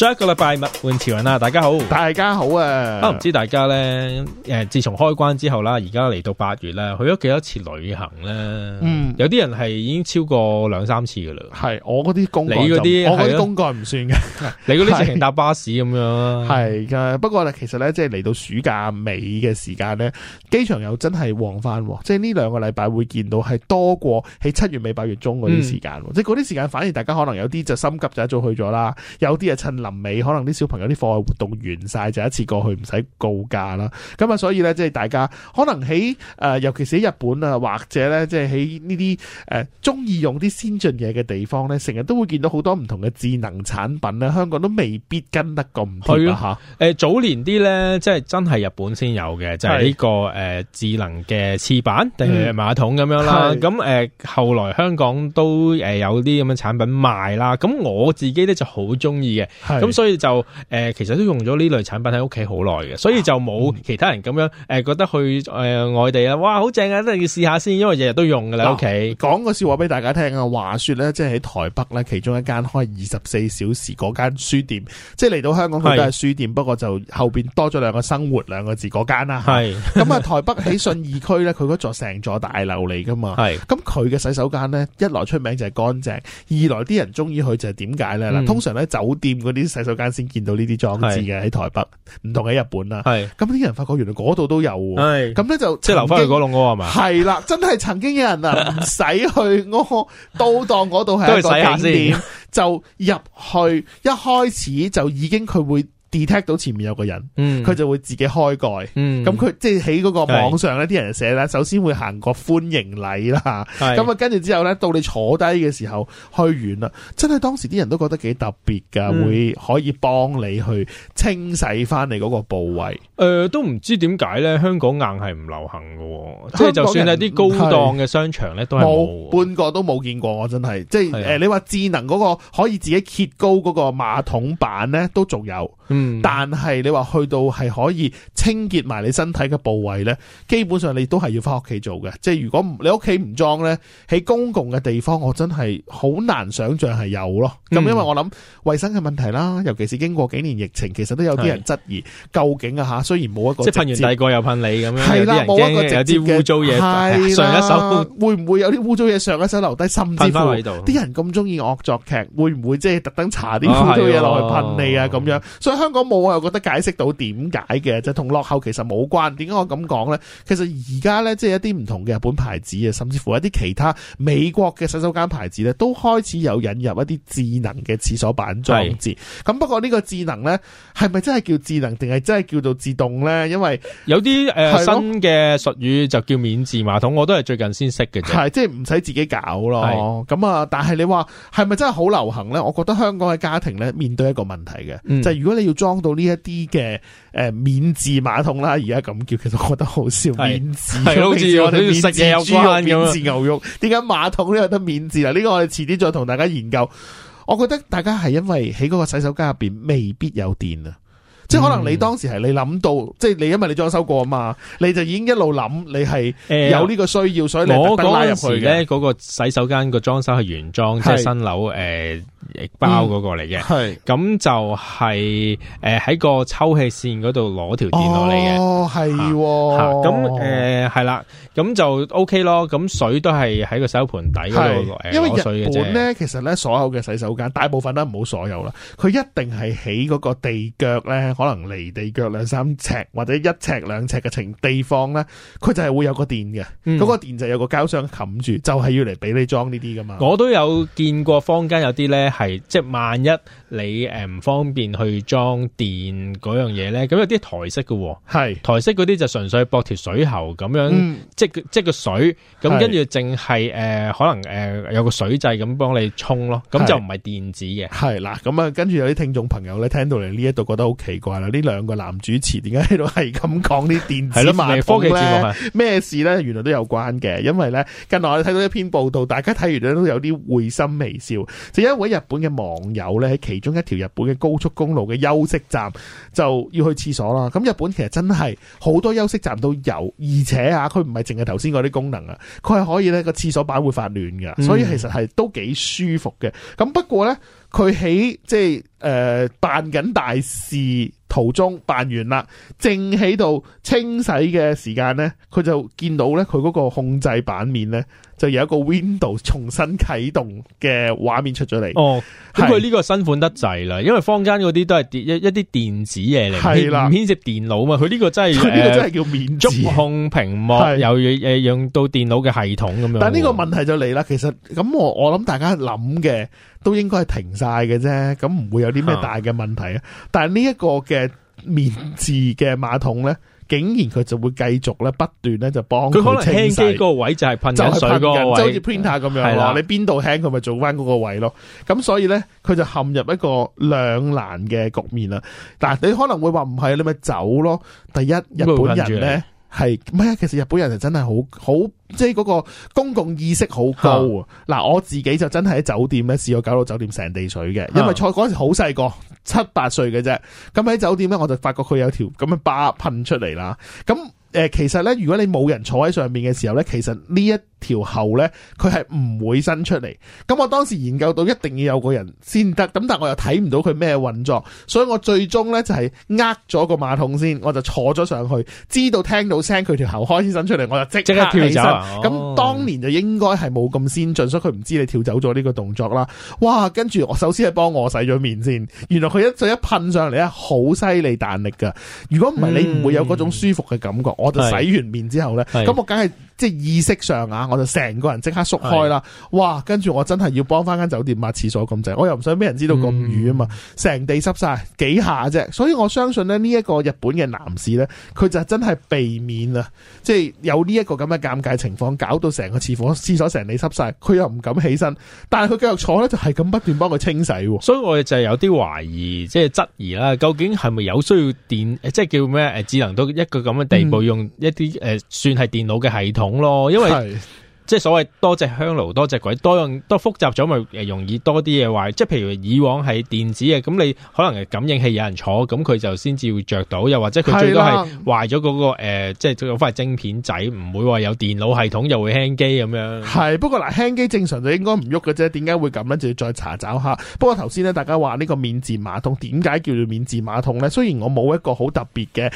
上一個禮拜物玩潮人啦，大家好，大家好啊！唔知大家咧，誒，自從開關之後啦，而家嚟到八月啦，去咗幾多次旅行咧？嗯，有啲人係已經超過兩三次噶啦。係我嗰啲公你嗰啲，我嗰啲公幹唔算嘅，你嗰啲直情搭巴士咁樣。係嘅，不過咧，其實咧，即係嚟到暑假尾嘅時間咧，機場又真係旺翻，即係呢兩個禮拜會見到係多過喺七月尾八月中嗰啲時間，嗯，即係嗰啲時間反而大家可能有啲就心急就一早去咗啦，有啲啊趁尾可能啲小朋友啲課外活動完晒就一次過去唔使告假啦，咁啊所以咧即係大家可能喺誒、呃，尤其是喺日本啊或者咧即係喺呢啲誒中意用啲先進嘢嘅地方咧，成日都會見到好多唔同嘅智能產品咧，香港都未必跟得咁貼咯吓。誒、呃，早年啲咧即係真係日本先有嘅，就係、是、呢個誒智能嘅廁板定係馬桶咁樣啦。咁誒、呃、後來香港都誒有啲咁嘅產品賣啦。咁我自己咧就好中意嘅。咁、嗯、所以就誒、呃，其實都用咗呢類產品喺屋企好耐嘅，所以就冇其他人咁樣誒、呃、覺得去誒、呃、外地啊！哇，好正啊，真係要試下先，因為日日都用㗎啦。OK 講個笑話俾大家聽啊，話說咧，即係喺台北咧，其中一間開二十四小時嗰間書店，即係嚟到香港佢都係書店，不過就後邊多咗兩個生活兩個字嗰間啦。係咁啊，台北喺信義區咧，佢 嗰座成座大樓嚟㗎嘛。係咁佢嘅洗手間咧，一來出名就係乾淨，二來啲人中意佢就係點解咧？嗱、嗯，通常咧酒店嗰啲啲洗手間先見到呢啲裝置嘅，喺台北，唔同喺日本啦。係咁啲人發覺原來嗰度都有，咁咧就即係留翻嚟嗰棟屋係嘛？係啦，真係曾經有人啊唔使去，我 都當嗰度係一個景點，就入去一開始就已經佢會。detect 到前面有個人，佢、嗯、就會自己開蓋。咁佢即係喺嗰個網上呢啲人寫咧，首先會行個歡迎禮啦。咁啊跟住之後咧，到你坐低嘅時候開完啦。真係當時啲人都覺得幾特別㗎、嗯，會可以幫你去清洗翻你嗰個部位。誒、嗯嗯，都唔知點解咧，香港硬係唔流行㗎喎。即、就、係、是、就算係啲高檔嘅商場咧，都係冇半個都冇見過。我、嗯、真係，即、就、係、是嗯欸、你話智能嗰、嗰個可以自己揭高嗰個馬桶板咧，都仲有。嗯但係你話去到係可以清潔埋你身體嘅部位咧，基本上你都係要翻屋企做嘅。即係如果你屋企唔裝咧，喺公共嘅地方，我真係好難想象係有咯。咁因為我諗衛生嘅問題啦，尤其是經過幾年疫情，其實都有啲人質疑究竟啊吓，雖然冇一個即係噴完第二個又噴你咁樣，係啦，冇一個有啲污糟嘢。係啦，上一手會唔會有啲污糟嘢上一手留低甚至噴翻喺度？啲人咁中意惡作劇，會唔會即係特登搽啲污糟嘢落去噴你啊？咁樣，所以香。香港冇我又覺得解釋到點解嘅，就同、是、落後其實冇關。點解我咁講呢？其實而家呢，即係一啲唔同嘅日本牌子啊，甚至乎一啲其他美國嘅洗手間牌子呢都開始有引入一啲智能嘅廁所板裝置。咁不過呢個智能呢，係咪真係叫智能定係真係叫做自動呢？因為有啲誒、呃、新嘅術語就叫免治馬桶，我都係最近先識嘅。係即係唔使自己搞咯。咁啊，但係你話係咪真係好流行呢？我覺得香港嘅家庭呢，面對一個問題嘅、嗯，就係、如果你要。裝到呢一啲嘅誒免治馬桶啦，而家咁叫，其實我覺得好笑。免治，肉對免治，係好似我哋食嘢豬肉、免治牛肉，點解馬桶都有得免治啊？呢、這個我哋遲啲再同大家研究。我覺得大家係因為喺嗰個洗手間入邊未必有電啊。即係可能你當時係你諗到，即係你因為你裝修過啊嘛，你就已經一路諗你係有呢個需要，所以你特登拉入去嘅。我嗰陣時咧，嗰個洗手間個裝修係原裝，即係新樓誒包嗰個嚟嘅。係咁就係誒喺個抽氣線嗰度攞條電落嚟嘅。哦，係喎。吓咁誒係啦，咁就 O K 咯。咁水都係喺個洗手盆底嘅。係因為日本咧，其實咧所有嘅洗手間大部分都唔好，所有啦，佢一定係起嗰個地腳咧。可能離地腳兩三尺或者一尺兩尺嘅程地方呢，佢就係會有個電嘅，嗰、嗯嗰個電就有個膠箱冚住，就係、係、要嚟俾你裝呢啲噶嘛。我都有見過坊間有啲呢，係，即係萬一。你唔方便去裝電嗰樣嘢咧？咁有啲台式嘅喎，係台式嗰啲就純粹駁條水喉咁樣，即即個個水咁，跟住淨係誒可能誒、呃、有個水掣咁幫你沖咯，咁就唔係電子嘅。係啦，咁啊跟住有啲聽眾朋友咧聽到嚟呢一度覺得好奇怪啦，呢兩個男主持點解喺度係咁講啲電子嘅科技節目咧？咩事咧？原來都有關嘅，因為咧近來我睇到一篇報道，大家睇完都有啲會心微笑，就一位日本嘅網友咧其中一條日本嘅高速公路嘅休息站就要去廁所啦。咁日本其實真係好多休息站都有，而且啊，佢唔係淨係頭先嗰啲功能啊，佢係可以咧個廁所板會發暖嘅，所以其實係都幾舒服嘅。咁不過呢。佢喺即係誒、呃、辦緊大事途中辦完啦，正喺度清洗嘅時間咧，佢就見到咧佢嗰個控制版面咧，就有一個 window 重新啟動嘅畫面出咗嚟。哦，咁佢呢個新款得滯啦，因為坊間嗰啲都係一一啲電子嘢嚟，係啦，唔牽涉電腦嘛。佢呢個真係佢呢個真係叫免觸、啊、控屏幕，有誒用到電腦嘅系統咁樣。但呢個問題就嚟啦，其實咁我我諗大家諗嘅。都應該係停晒嘅啫，咁唔會有啲咩大嘅問題啊、嗯！但係呢一個嘅面字嘅馬桶咧，竟然佢就會繼續咧不斷咧就幫佢可能清洗嗰個位，就噴水個位，就係噴水嗰個位，好似 printer 咁樣咯。你邊度輕佢咪做翻嗰個位咯？咁所以咧，佢就陷入一個兩難嘅局面啦。但係你可能會話唔係，你咪走咯。第一日本人咧。係咩？其實日本人係真係好好，即係嗰個公共意識好高嗱、嗯，我自己就真係喺酒店咧試過搞到酒店成地水嘅，因為坐嗰時好細個，七八歲嘅啫。咁喺酒店咧，我就發覺佢有條咁嘅巴噴出嚟啦。咁誒、呃，其實咧，如果你冇人坐喺上面嘅時候咧，其實呢一條喉咧，佢係唔會伸出嚟。咁我當時研究到一定要有個人先得，咁但係我又睇唔到佢咩運作，所以我最終咧就係呃咗個馬桶先，我就坐咗上去，知道聽到聲佢條喉開始伸出嚟，我就即刻跳起走。咁當年就應該係冇咁先進，所以佢唔知你跳走咗呢個動作啦。哇！跟住我首先係幫我洗咗面先，原來佢一就一噴上嚟咧，好犀利彈力㗎。如果唔係你唔會有嗰種舒服嘅感覺。我就洗完面之後咧，咁我梗係。即係意識上啊，我就成個人即刻縮開啦！哇，跟住我真係要幫翻間酒店抹、啊、廁所咁滯，我又唔想俾人知道咁瘀啊嘛，成、嗯、地濕晒，幾下啫。所以我相信咧，呢、這、一個日本嘅男士呢，佢就真係避免啦，即係有呢一個咁嘅尷尬情況，搞到成個廁所廁所成地濕晒，佢又唔敢起身，但係佢繼續坐呢，就係咁不斷幫佢清洗喎、啊。所以我就有啲懷疑，即、就、係、是、質疑啦，究竟係咪有需要電？即、就、係、是、叫咩？誒智能到一個咁嘅地步，嗯、用一啲、呃、算係電腦嘅系統。咯，因為。即係所謂多隻香爐多隻鬼，多用多複雜咗咪容易多啲嘢壞。即係譬如以往係電子嘅咁，你可能係感應器有人坐咁佢就先至會着到，又或者佢最多係壞咗嗰、那個、那個呃、即係攞翻係晶片仔，唔會話有電腦系統又會輕機咁樣。係不過嗱，輕機正常就應該唔喐嘅啫，點解會咁咧？就要再查找下。不過頭先咧，大家話呢個免治馬桶點解叫做免治馬桶咧？雖然我冇一個好特別嘅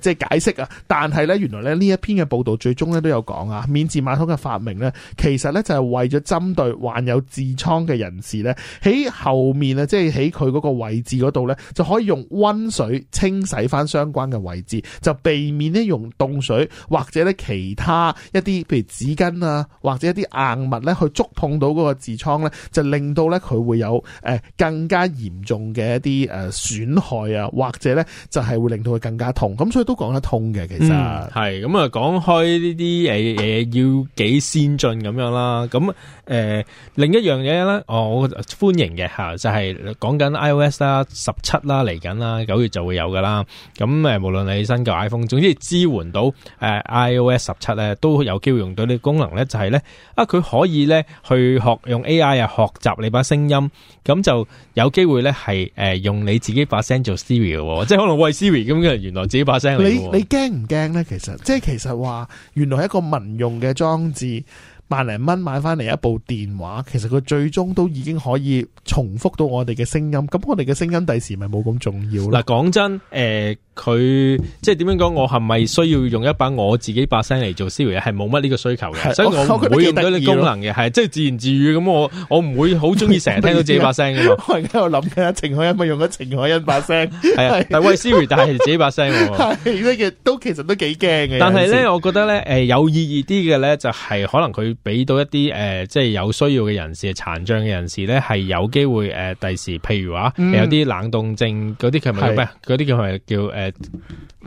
即係解釋啊，但係咧原來咧呢一篇嘅報導最終咧都有講啊，免治馬桶嘅發明咧，其實咧就係為咗針對患有痔瘡嘅人士咧，喺後面啊，即係喺佢嗰個位置嗰度咧，就可以用溫水清洗翻相關嘅位置，就避免咧用凍水或者咧其他一啲，譬如紙巾啊，或者一啲硬物咧去觸碰到嗰個痔瘡咧，就令到咧佢會有誒更加嚴重嘅一啲誒損害啊，或者咧就係會令到佢更加痛。咁所以都講得通嘅，其實係咁啊。講開呢啲誒誒，要幾？先進咁樣啦，咁誒、呃、另一樣嘢咧、哦，我歡迎嘅嚇、啊、就係、是、講緊 iOS 啦，十七啦嚟緊啦，九月就會有噶啦。咁誒，無論你新舊 iPhone，總之支援到、呃、iOS 十七咧，都有機會用到呢個功能咧。就係、是、咧，啊佢可以咧去學用 AI 啊，學習你把聲音，咁就有機會咧係、呃、用你自己把聲做 Siri 嘅喎，即係可能喂 Siri 咁嘅，原來自己把聲你你驚唔驚咧？其實即係其實話，就是、原來係一個民用嘅裝置。萬零蚊買翻嚟一部電話，其實佢最終都已經可以重複到我哋嘅聲音，咁我哋嘅聲音第時咪冇咁重要啦。講真，誒、呃。佢即係點樣講？我係咪需要用一把我自己把聲嚟做 Siri？係冇乜呢個需求嘅，所以我唔會用到啲功能嘅。係，即係自言自語咁，我自自我唔會好中意成日聽到自己把聲，啊。我而家喺度諗緊啊，程海欣咪用咗程海欣把聲，啊， 但喂 Siri，但係自己把聲，呢 都其實都幾驚嘅。但係咧，我覺得咧，誒有意義啲嘅咧，就係可能佢俾到一啲誒、呃，即係有需要嘅人士，殘障嘅人士咧，係有機會誒，第、呃、時譬如話、嗯、有啲冷凍症嗰啲，佢咪嗰啲叫咪叫誒。呃誒、呃、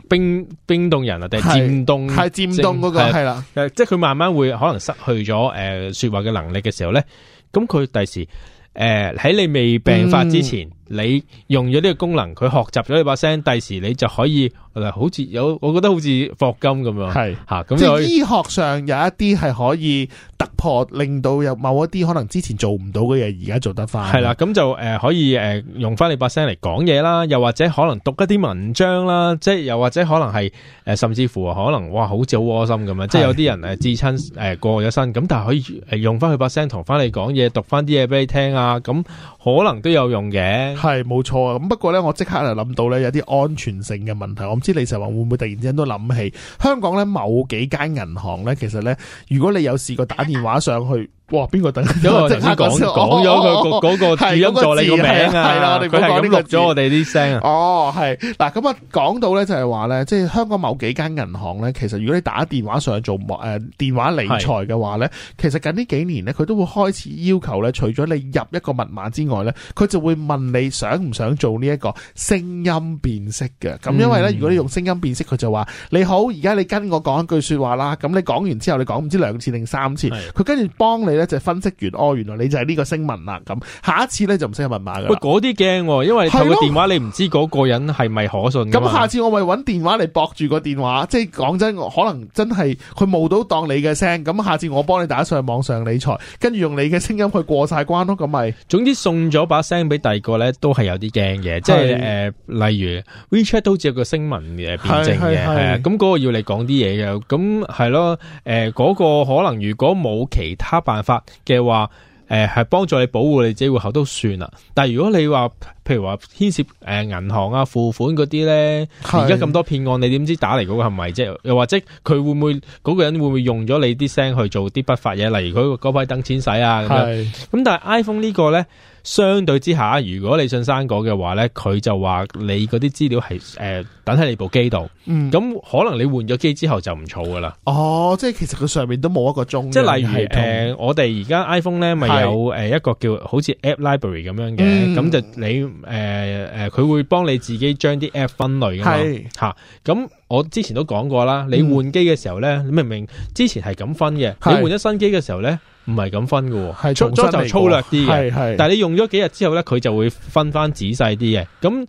冰冰凍人啊，定係漸凍？係漸凍個係啦，即係佢慢慢會可能失去咗誒、呃、說話嘅能力嘅時候咧，咁佢第時誒喺你未病發之前。嗯你用咗呢個功能，佢學習咗你把聲，第時你就可以，好似有，我覺得好似霍金咁樣，係吓咁。即醫學上有一啲係可以突破，令到有某一啲可能之前做唔到嘅嘢，而家做得翻。係啦，咁就誒可以誒用翻你把聲嚟講嘢啦，又或者可能讀一啲文章啦，即係又或者可能係誒甚至乎可能哇，好似好窩心咁樣。即係有啲人誒至親誒過咗身，咁但係可以誒用翻佢把聲同翻你講嘢，讀翻啲嘢俾你聽啊，咁可能都有用嘅。係冇錯啊！咁不過呢，我即刻就諗到呢，有啲安全性嘅問題，我唔知你成日會唔會突然之間都諗起香港呢某幾間銀行呢？其實呢，如果你有試過打電話上去。哇！邊個突然有咁講講咗佢嗰嗰個語音助理嘅名啊？佢係錄咗我哋啲聲啊！哦，係嗱咁啊，講到咧就係話咧，即係香港某幾間銀行咧，其實如果你打電話上做誒電話理財嘅話咧，其實近呢幾年咧，佢都會開始要求咧，除咗你入一個密碼之外咧，佢就會問你想唔想做呢一個聲音辨識嘅？咁因為咧，如果你用聲音辨識，佢就話你好，而家你跟我講一句說話啦，咁你講完之後，你講唔知兩次定三次，佢跟住幫你。就分析完，哦，原來你就係呢個聲紋啦。咁下一次咧就唔使入密碼嘅。喂，嗰啲驚，因為你透過電話你唔知嗰個人係咪可信。咁下次我咪揾電話嚟駁住個電話，即係講真，可能真係佢冇到當你嘅聲。咁下次我幫你打上網上理財，跟住用你嘅聲音去過晒關咯。咁咪總之送咗把聲俾第二個咧，都係有啲驚嘅。即係誒、呃，例如 WeChat 都只有個聲紋嘅辨證嘅，係。咁嗰個要你講啲嘢嘅，咁係咯。誒、呃，嗰、嗰個可能如果冇其他辦法。法嘅話，誒，係幫助你保護你自己戶口都算啦。但係如果你話，譬如話牽涉誒銀行啊付款嗰啲咧，而家咁多騙案，你點知打嚟嗰個係咪啫？又或者佢會唔會嗰個人會唔會用咗你啲聲去做啲不法嘢？例如佢嗰批等錢使啊，咁。咁但係 iPhone 呢個咧？相對之下，如果你信生果嘅話咧，佢就話你嗰啲資料係誒、呃、等喺你部機度，咁、嗯、可能你換咗機之後就唔儲噶啦。哦，即係其實佢上面都冇一個鐘。即係例如誒，我哋而家 iPhone 咧咪有誒一個叫好似 App Library 咁樣嘅，咁、嗯、就你誒誒，佢、呃、會幫你自己將啲 App 分類噶嘛。吓，咁我之前都講過啦，你換機嘅時候咧，嗯、你明明之前係咁分嘅，你換咗新機嘅時候咧。唔係咁分㗎，出咗就粗略啲嘅，是是但係你用咗幾日之後呢，佢就會分翻仔細啲嘅，咁。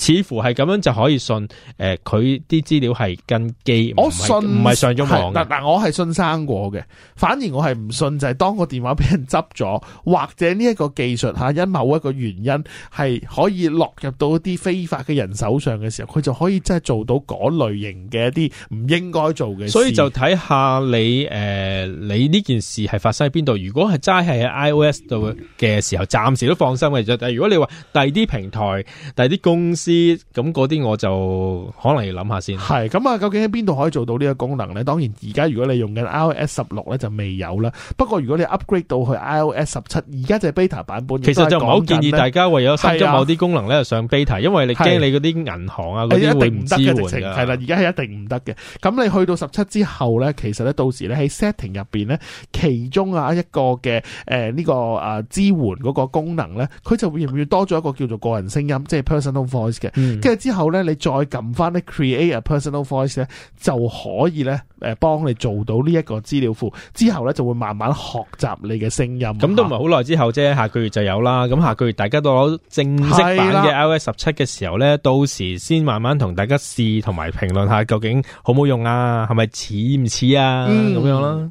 似乎係咁樣就可以信，誒，佢啲資料係跟機，我信唔係上咗網嘅。但，但，我係信生過嘅，反而我係唔信就係當個電話俾人執咗，或者呢一個技術吓因某一個原因係可以落入到一啲非法嘅人手上嘅時候，佢就可以真係做到嗰類型嘅一啲唔應該做嘅。所以就睇下你誒，你呢件事係發生喺邊度？如果係齋係喺 iOS 度嘅時候，暫時都放心嘅啫，但如果你話第二啲平台、第二啲公司，啲咁嗰啲我就可能要諗下先。係咁啊，究竟喺邊度可以做到呢個功能咧？當然而家如果你用緊 iOS 十六咧就未有啦。不過如果你 upgrade 到去 iOS 十七，而家就係 beta 版本。其實就唔好建議大家為咗新增某啲功能咧，啊、上 beta，因為你驚你嗰啲銀行啊嗰啲一定唔得嘅。直情係啦，而家係一定唔得嘅。咁你去到十七之後咧，其實咧到時咧喺 setting 入邊咧，其中啊一個嘅誒呢個啊支援嗰個功能咧，佢就會唔會多咗一個叫做個人聲音，即係 personal voice。跟、嗯、住之後咧，你再撳翻咧 create a personal voice 咧，就可以咧，誒幫你做到呢一個資料庫。之後咧就會慢慢學習你嘅聲音。咁都唔係好耐之後啫，下個月就有啦。咁下個月大家都攞正式版嘅 iOS 十七嘅時候咧，到時先慢慢同大家試同埋評論下究竟好冇用啊，係咪似唔似啊？咁、嗯、樣啦。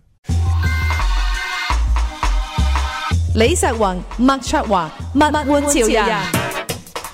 李石雲、麥卓華、物玩潮人。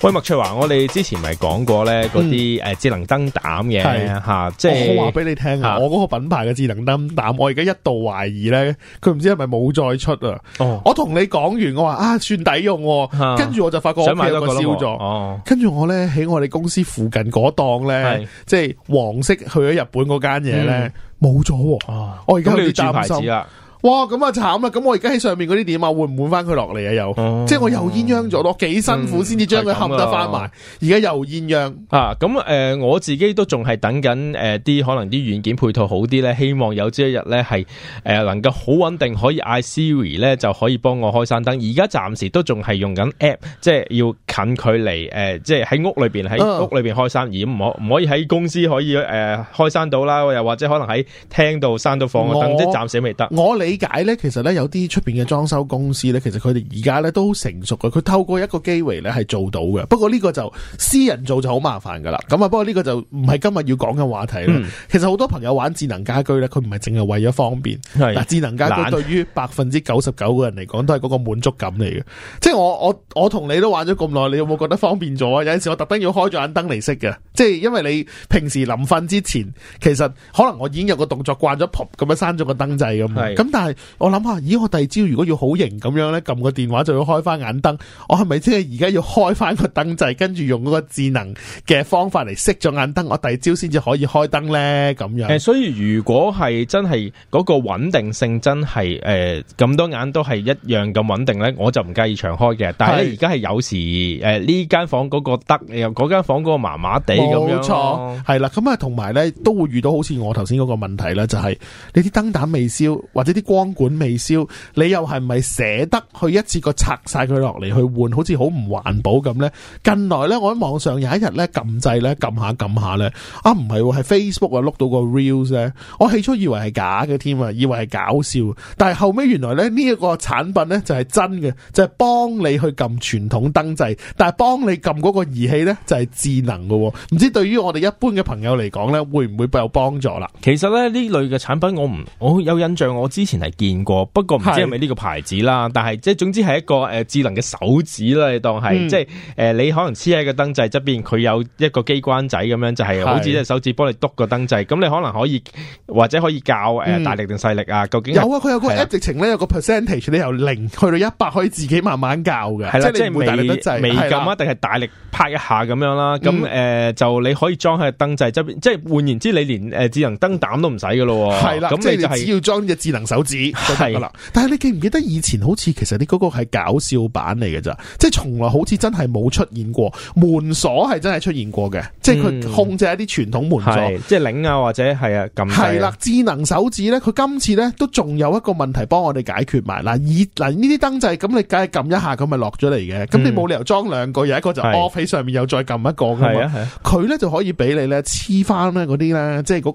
喂，麥翠華，我哋之前咪講過咧，嗰啲誒智能燈膽嘅吓，即、嗯、係、啊就是哦、我話俾你聽啊，我嗰個品牌嘅智能燈膽，我而家一度懷疑咧，佢唔知係咪冇再出啊、哦。我同你講完，我話啊，算抵用、啊，跟、啊、住我就發覺想買燒、哦、我嘅個燒咗，跟住我咧喺我哋公司附近嗰檔咧，即係黃色去咗日本嗰間嘢咧，冇、嗯、咗、啊啊。我而家、嗯、要轉牌，牌子啊。哇，咁啊慘啊！咁、嗯、我而家喺上面嗰啲電話會唔會換翻佢落嚟啊？又、嗯，即係我又鴛鴦咗，咯，幾辛苦先至將佢冚得翻埋，而家又鴛鴦啊！咁誒，我自己都仲係等緊誒，啲、呃、可能啲軟件配套好啲咧，希望有朝一日咧係誒能夠好穩定，可以嗌 Siri 咧就可以幫我開閂燈。而家暫時都仲係用緊 App，即係要近距離誒、呃，即係喺屋裏邊喺屋裏邊開閂，啊、而唔可唔可以喺公司可以誒、呃、開閂到啦。又或者可能喺廳度閂到房，燈即係暫時未得。我理解咧，其實咧有啲出邊嘅裝修公司咧，其實佢哋而家咧都成熟嘅。佢透過一個機會咧係做到嘅。不過呢個就私人做就好麻煩噶啦。咁啊，不過呢個就唔係今日要講嘅話題啦、嗯。其實好多朋友玩智能家居咧，佢唔係淨係為咗方便。嗱，但智能家居對於百分之九十九嘅人嚟講，都係嗰個滿足感嚟嘅。即係我我我同你都玩咗咁耐，你有冇覺得方便咗？有陣時我特登要開咗眼燈嚟熄嘅。即係因為你平時臨瞓之前，其實可能我已經有個動作慣咗 p 咁樣閂咗個燈掣咁。咁。但係我諗下，咦？我第二朝如果要好型咁樣咧，撳個電話就要開翻眼燈，我係咪即係而家要開翻個燈掣，跟住用嗰個智能嘅方法嚟熄咗眼燈，我第二朝先至可以開燈呢？咁樣誒、欸，所以如果係真係嗰個穩定性真係誒咁多眼都係一樣咁穩定呢，我就唔介意長開嘅。但係咧，而家係有時誒呢間房嗰個燈，又嗰間房嗰個麻麻地咁樣，冇錯，係啦。咁啊，同埋呢，都會遇到好似我頭先嗰個問題啦，就係、是、你啲燈膽未燒或者啲。光管未燒，你又係咪捨得去一次過拆晒佢落嚟去換？好似好唔環保咁咧。近來咧，我喺網上有一日咧撳掣咧撳下撳下咧，啊唔係，係、哦、Facebook 啊碌到個 reels 咧，我起初以為係假嘅添啊以為係搞笑，但係後尾原來咧呢一個產品咧就係真嘅，就係、是、幫你去撳傳統燈掣，但係幫你撳嗰個儀器咧就係智能嘅、哦。唔知對於我哋一般嘅朋友嚟講咧，會唔會有幫助啦？其實咧呢類嘅產品我唔我有印象，我之前。係見過，不過唔知係咪呢個牌子啦。是但係即係總之係一個誒、呃、智能嘅手指啦，你當係、嗯、即係誒、呃、你可能黐喺個燈掣側邊，佢有一個機關仔咁樣，就係、是、好似隻手指幫你篤個燈掣。咁你可能可以或者可以教誒、呃嗯、大力定細力啊？究竟有啊？佢有一個 app 直程咧，有個 percentage 你由零去到一百，可以自己慢慢教嘅。係啦、啊，即係唔會大力得滯，微撳一定係大力拍一下咁樣啦、啊。咁誒、嗯呃、就你可以裝喺燈掣側邊，即係換言之，你連誒智能燈膽都唔使噶咯。係啦、啊，咁你就是、你只要裝隻智能手。係啦，但係你記唔記得以前好似其實你嗰個係搞笑版嚟嘅咋？即係從來好似真係冇出現過，門鎖係真係出現過嘅，即係佢控制一啲傳統門鎖，即係擰啊或者係啊撳。係啦，智能手指咧，佢今次咧都仲有一個問題幫我哋解決埋嗱，以嗱呢啲燈掣咁，你梗係撳一下咁咪落咗嚟嘅，咁、嗯、你冇理由裝兩個有一個就 off 喺上面又再撳一個噶佢咧就可以俾你咧黐翻咧嗰啲咧，即係嗰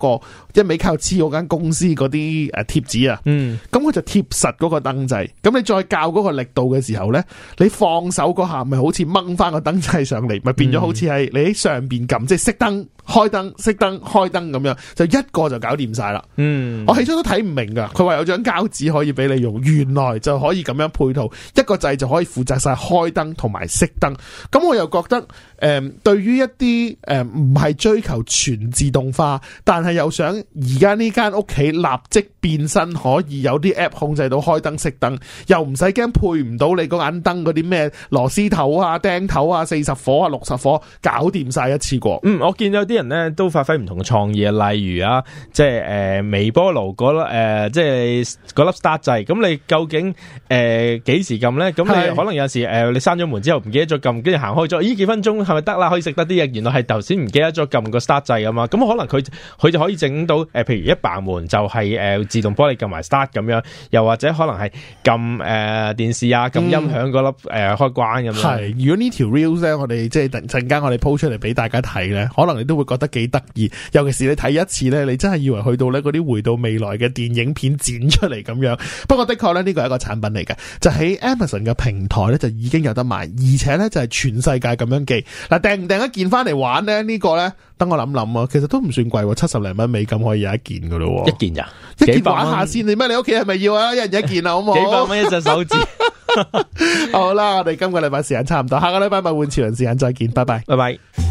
個一味靠黐嗰間公司嗰啲誒貼紙啊。嗯咁、嗯、佢就貼實嗰個燈掣，咁你再較嗰個力度嘅時候咧，你放手嗰下咪好似掹翻個燈掣上嚟，咪變咗好似係你喺上邊撳，即係熄燈。開燈、熄燈、開燈咁樣，就一個就搞掂晒啦。嗯，我起初都睇唔明噶，佢話有張膠紙可以俾你用，原來就可以咁樣配套一個掣就可以負責晒開燈同埋熄燈。咁我又覺得，誒、嗯，對於一啲誒唔係追求全自動化，但係又想而家呢間屋企立即變身可以有啲 app 控制到開燈、熄燈，又唔使驚配唔到你嗰眼燈嗰啲咩螺絲頭啊、釘頭啊、四十火啊、六十火，搞掂晒一次過。嗯，我見咗。啲人咧都發揮唔同嘅創意，啊，例如啊，即係誒、呃、微波爐嗰粒誒，即係嗰粒 start 掣。咁你究竟誒幾、呃、時撳咧？咁你可能有時誒、呃，你閂咗門之後唔記得咗撳，跟住行開咗，咦？幾分鐘係咪得啦？可以食得啲嘢？原來係頭先唔記得咗撳個 start 掣啊嘛。咁可能佢佢就可以整到誒、呃，譬如一閂門就係、是、誒、呃、自動幫你撳埋 start 咁樣，又或者可能係撳誒電視啊，撳音響嗰粒誒開關咁樣。係，如果條呢條 reels 咧，我哋即係陣間我哋鋪出嚟俾大家睇咧，可能你都會。會覺得幾得意，尤其是你睇一次咧，你真係以為去到咧嗰啲回到未來嘅電影片剪出嚟咁樣。不過的確咧，呢個係一個產品嚟嘅，就喺 Amazon 嘅平台咧就已經有得賣，而且咧就係、是、全世界咁樣寄。嗱，訂唔訂一件翻嚟玩咧？這個、呢個咧，等我諗諗啊。其實都唔算貴，七十零蚊美金可以有一件噶咯。一件咋、啊？一件玩一下先？點咩？你屋企係咪要啊？一人一件啊，好冇？幾百蚊一隻手指。 好啦，我哋今個禮拜時間差唔多，下個禮拜物玩潮人時間再見，拜拜，拜拜。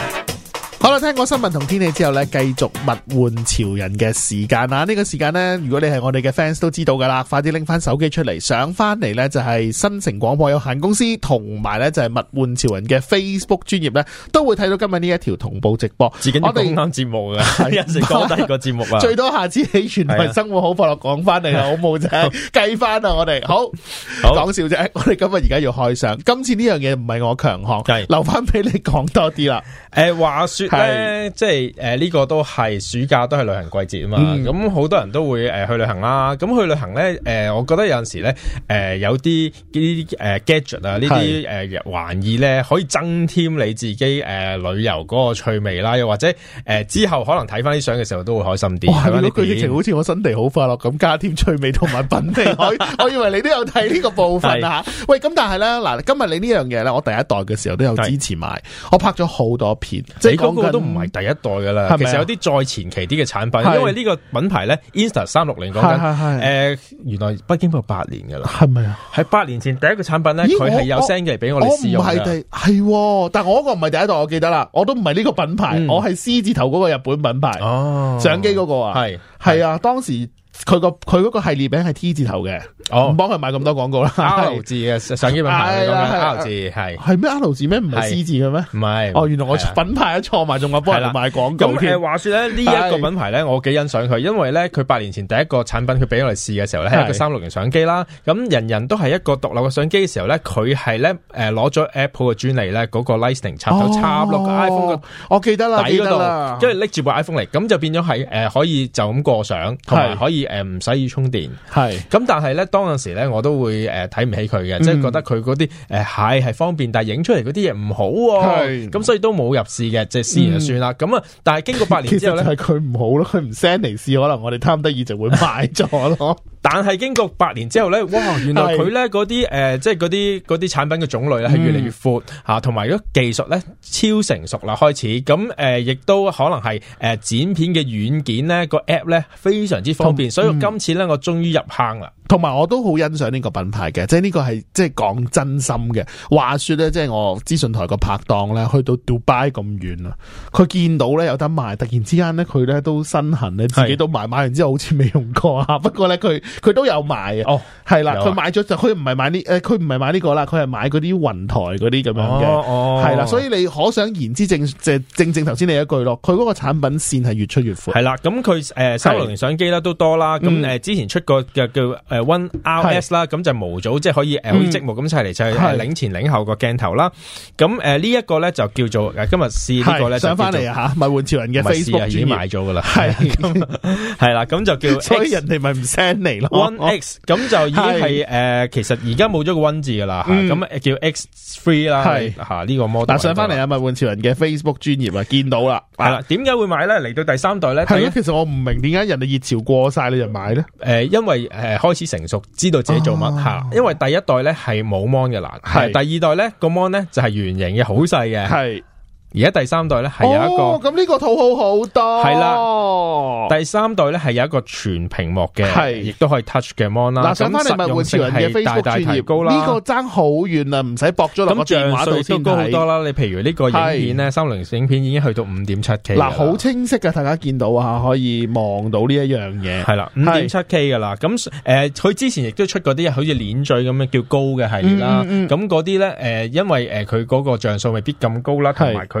好啦，聽過新聞同天氣之後咧，繼續物玩潮人嘅時間啦。呢、這個時間呢，如果你係我哋嘅 fans 都知道噶啦，快啲拎翻手機出嚟上翻嚟呢，就係、是、新城廣播有限公司同埋呢就係物玩潮人嘅 Facebook 專頁呢，都會睇到今日呢一條同步直播。要講節啊、我哋講節目嘅， 時講一時講第二個節目啊，最多下次喺全民生活好快樂講翻嚟啦，好冇仔計翻啊！我哋好講笑啫，我哋今日而家要開上，今次呢樣嘢唔係我強項，留翻俾你講多啲啦、欸。話說。是即係誒呢個都係暑假都係旅行季節啊嘛，咁、嗯、好多人都會誒、呃、去旅行啦。咁去旅行咧，誒、呃、我覺得有陣時咧，誒、呃、有啲呢啲誒 gadget 啊，呢啲誒玩意咧，可以增添你自己誒、呃、旅遊嗰個趣味啦。又或者誒、呃、之後可能睇翻啲相嘅時候都會開心啲。如你佢疫情好似我身地好快樂咁，加添趣味同埋品味， 我我以為你都有睇呢個部分啊。喂，咁但係咧，嗱今日你呢樣嘢咧，我第一代嘅時候都有支持買，我拍咗好多片，即係、那個。就是那個、都唔係第一代噶啦，其實有啲再前期啲嘅產品，是因為呢個品牌咧，Insta 360講緊，誒、呃，原來北京都有八年噶啦，係咪啊？喺八年前第一個產品咧，佢係有聲嘅俾我哋試用嘅，係、哦，但係我嗰個唔係第一代，我記得啦，我都唔係呢個品牌，嗯、我係 C 字頭嗰個日本品牌哦，相機嗰個啊，係，係啊，當時。佢個佢個系列名係 T 字頭嘅，哦、oh，唔幫佢買咁多廣告啦。L 字嘅相機品牌嚟講，L 字係係咩 L 字咩？唔係 C 字嘅咩？唔係哦，原來我品牌都錯埋，仲話幫人買廣告添。話、嗯嗯、說咧，呢一、這個品牌咧，我幾欣賞佢，因為咧，佢八年前第一個產品佢俾我嚟試嘅時候咧，係一個三六零相機啦。咁人人都係一個獨立嘅相機嘅時候咧，佢係咧誒攞咗 Apple 嘅專利咧，嗰、那個 Lightning 插頭、哦、插落 iPhone 我記得啦，記得啦，跟住拎住部 iPhone 嚟，咁就變咗係誒可以就咁過相，係可以。誒、呃，唔使要充電，係咁，但係咧，當陣時咧，我都會誒睇唔起佢嘅、嗯，即係覺得佢嗰啲誒係係方便，但係影出嚟嗰啲嘢唔好、哦，咁所以都冇入市嘅，即係試就算啦。咁、嗯、啊，但係經過八年之後咧，其實就係佢唔好咯，佢唔 send 嚟試，可能我哋貪得意就會賣咗咯。 但係經過八年之後咧，哇，原來佢咧嗰啲誒，即係嗰啲嗰啲產品嘅種類咧係越嚟越闊吓，同埋個技術咧超成熟啦，開始咁誒，亦、呃、都可能係誒、呃、剪片嘅軟件咧個 app 咧非常之方便。所以今次咧，我終於入坑啦。嗯同埋我都好欣賞呢個品牌嘅，即係呢個係即係講真心嘅話說咧，即係我資訊台個拍檔咧，去到 Dubai 咁遠啊，佢見到咧有得賣，突然之間咧佢咧都身痕，咧自己都買，買完之後好似未用過啊。 不過咧佢佢都有買哦，係啦，佢、啊、買咗就佢唔係買呢佢唔係買呢、呢個啦，佢係買嗰啲雲台嗰啲咁樣嘅，係、哦、啦、哦，所以你可想言之正，正正頭先你一句咯，佢嗰個產品線係越出越闊。係啦，咁佢誒三六零相機啦，都多啦，咁誒之前出過嘅叫、呃嗯 One RS 啦，咁就模組即係可以好似積木咁砌嚟砌去，領前領後鏡，呃這個鏡頭啦。咁誒呢一個咧就叫做誒、啊、今日試呢個咧，上翻嚟吓，物玩、啊啊、潮人嘅 Facebook、啊、已經買咗噶啦，係係啦，咁、 啊、就叫 X, 所以人哋咪唔 send 嚟咯。One X 咁就已經係誒、呃，其實而家冇咗個 One 字噶啦，咁叫 X Three 啦，吓呢個 model。但上翻嚟啊，物玩、啊這個啊啊啊啊啊啊、潮人嘅 Facebook 專業啊，見到啦，係啦、啊，點解會買咧？嚟到第三代咧，係、啊、其實我唔明點解人哋熱潮過晒你就買咧？誒，因為誒開始。成熟知道自己做乜吓、啊，因為第一代咧係冇 mon 嘅啦，係第二代咧個 mon 咧就係圓形嘅，好細嘅係。而家第三代咧係、哦、有一個咁呢個套好好多，係啦。第三代咧係有一個全屏幕嘅，係亦都可以 touch 嘅 mon 啦。嗱，咁實用性係大,大大提高啦。呢、這個爭好遠啦，唔使搏咗落個像素都高好多啦。你譬如呢個影片咧，三六零影片已經去到五點七 K。嗱，好清晰嘅、啊，大家見到啊，可以望到呢、呃、一樣嘢。係啦，五點七 K 噶啦。咁誒，佢之前亦都出嗰啲好似鏈墜咁嘅叫高嘅系列啦。咁嗰啲咧，誒、呃，因為誒佢嗰個像素未必咁高啦，同埋佢。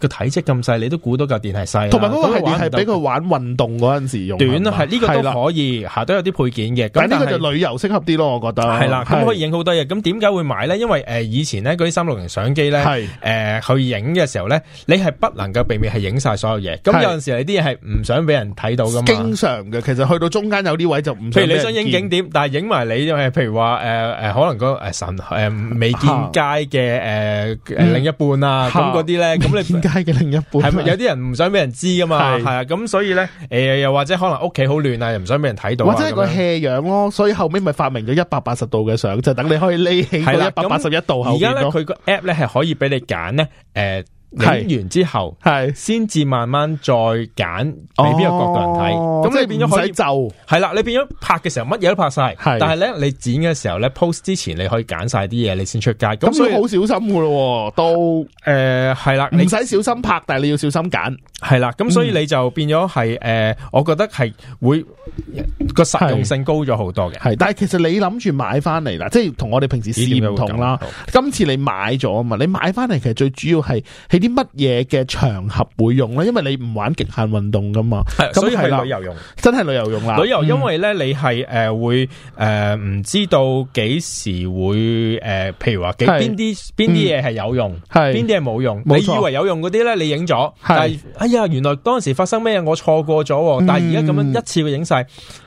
個體積咁細，你都估到架電池細。同埋嗰個係電池俾佢玩運動嗰陣時用。短係呢、這個都可以吓，都有啲配件嘅。咁係呢個就旅遊適合啲咯，我覺得。係啦，咁可以影好多嘢。咁點解會買咧？因為誒、呃、以前咧嗰啲三六零相機咧，誒、呃、去影嘅時候咧，你係不能夠避免係影晒所有嘢。咁有陣時候你啲嘢係唔想俾人睇到噶嘛？經常嘅，其實去到中間有啲位就唔。譬如你想影景點，但係影埋你，因為譬如話誒誒，可能嗰、那、誒、個呃、神誒、呃、未見街嘅誒、呃、另一半啊，咁嗰啲咧，咁你。嘅另一半、啊，係咪有啲人唔想俾人知噶嘛？係啊，咁所以咧，誒、呃，又或者可能屋企好亂啊，又唔想俾人睇到，或者係個氣樣咯，所以後尾咪發明咗一百八十度嘅相，就等你可以匿起一百八十一度後邊咯。而家咧，佢個 app 咧係可以俾你揀咧，誒、呃。睇完之後，係先至慢慢再揀，俾邊個角度人睇。咁、哦、你變咗唔使就，係啦。你變咗拍嘅時候乜嘢都拍晒，但係咧，你剪嘅時候咧，post 之前你可以揀晒啲嘢，你先出街。咁所以好小心噶咯，都誒係啦。唔使小心拍，但係你要小心揀。係啦，咁所以你就變咗係誒，我覺得係會個實用性高咗好多嘅。係，但係其實你諗住買翻嚟啦，即係同我哋平時試驗唔同啦。今次你買咗啊嘛，你買翻嚟其實最主要係。你啲乜嘢嘅場合會用咧？因為你唔玩極限運動噶嘛，所以係旅遊用。真係旅遊用啦。旅遊因為咧，你係誒會誒唔知道幾時會誒、呃，譬如話邊啲邊啲嘢係有用，係邊啲係冇用。你以為有用嗰啲咧，你影咗，但係哎呀，原來當時發生咩，我錯過咗、嗯。但係而家咁樣一次會影晒。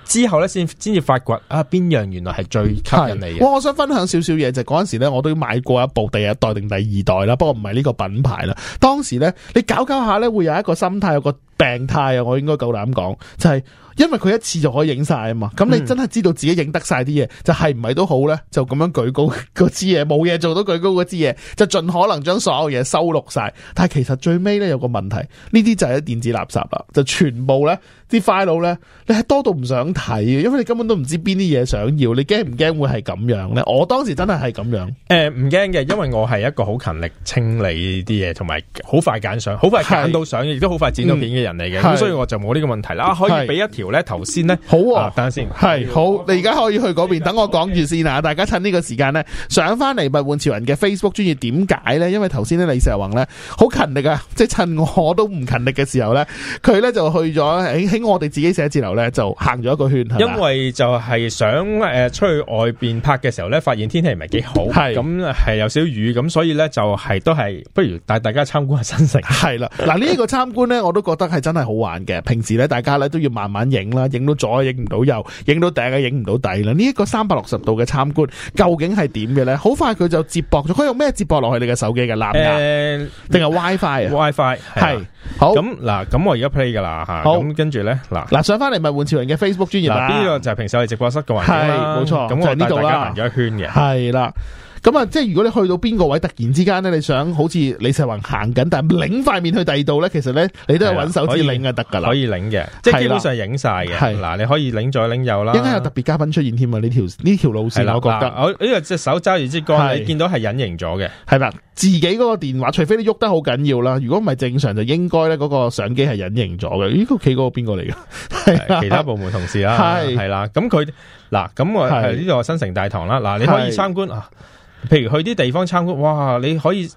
之後咧，先先至發掘啊，邊樣原來係最吸引你嘅。我想分享少少嘢，就係嗰陣時咧，我都買過一部第一代定第二代啦，不過唔係呢個品牌啦。當時咧，你搞搞下咧，會有一個心態，有個病態啊！我應該夠膽講，就係因為佢一次就可以影晒啊嘛。咁你真係知道自己影得晒啲嘢，就係唔係都好呢？就咁樣舉高嗰支嘢，冇嘢做到舉高嗰支嘢，就盡可能將所有嘢收錄晒。但係其實最尾呢，有個問題，呢啲就係啲電子垃圾啦，就全部呢啲 file 咧，你係多到唔想睇嘅，因為你根本都唔知邊啲嘢想要，你驚唔驚會係咁樣呢？我當時真係係咁樣，誒唔驚嘅，因為我係一個好勤力清理啲嘢，同埋好快揀相，好快揀到相，亦都好快剪到片嘅人。嗯咁，所以我就冇呢個問題啦、啊。可以俾一條呢頭先呢？好、啊啊，等下先係好。嗯、你而家可以去嗰邊等我講住先啊！Okay. 大家趁呢個時間呢，上翻嚟物玩潮人嘅 Facebook 專頁。點解呢？因為頭先呢，李石宏呢，好勤力啊，即、就、係、是、趁我都唔勤力嘅時候呢，佢呢就去咗喺我哋自己寫字樓呢，就行咗一個圈。因為就係想誒出去外邊拍嘅時候呢，發現天氣唔係幾好，咁係、嗯、有少少雨，咁所以呢、就是，就係都係不如帶大家參觀下新城係啦。嗱呢、啊這個參觀呢，我都覺得係。 真係好玩嘅，平時咧大家咧都要慢慢影啦，影到左影、啊、唔到右，影到頂嘅影唔到底啦、啊。呢、這、一個三百六十度嘅參觀究竟係點嘅咧？好快佢就接駁咗，佢用咩接駁落去你嘅手機嘅藍牙定係 WiFi？WiFi 係好咁，嗱，咁我而家 play 噶啦吓，咁跟住咧嗱嗱上翻嚟咪換潮人嘅 Facebook 專頁啦，呢個就係平時我哋直播室嘅環境啦，冇錯，咁我呢度啦行咗一圈嘅，係、就、啦、是。咁、嗯、啊，即係如果你去到邊個位，突然之間咧，你想好似李世宏行緊，但係擰塊面去第二度咧，其實咧你都係搵手指擰就得噶啦，可以擰嘅，即係基本上影晒嘅。係嗱，你可以擰左擰右啦。應該有特別嘉賓出現添啊！呢條呢條路線，我覺得啦我呢個隻手揸住支杆，你見到係隱形咗嘅，係咪？自己嗰個電話，除非你喐得好緊要啦。如果唔係正常，就應該咧嗰個相機係隱形咗嘅。咦、哎？屋企嗰個邊個嚟噶？其他部門同事啦，係啦。咁佢嗱咁我係呢度新城大堂啦。嗱，你可以參觀啊。譬如去啲地方參觀，哇！你可以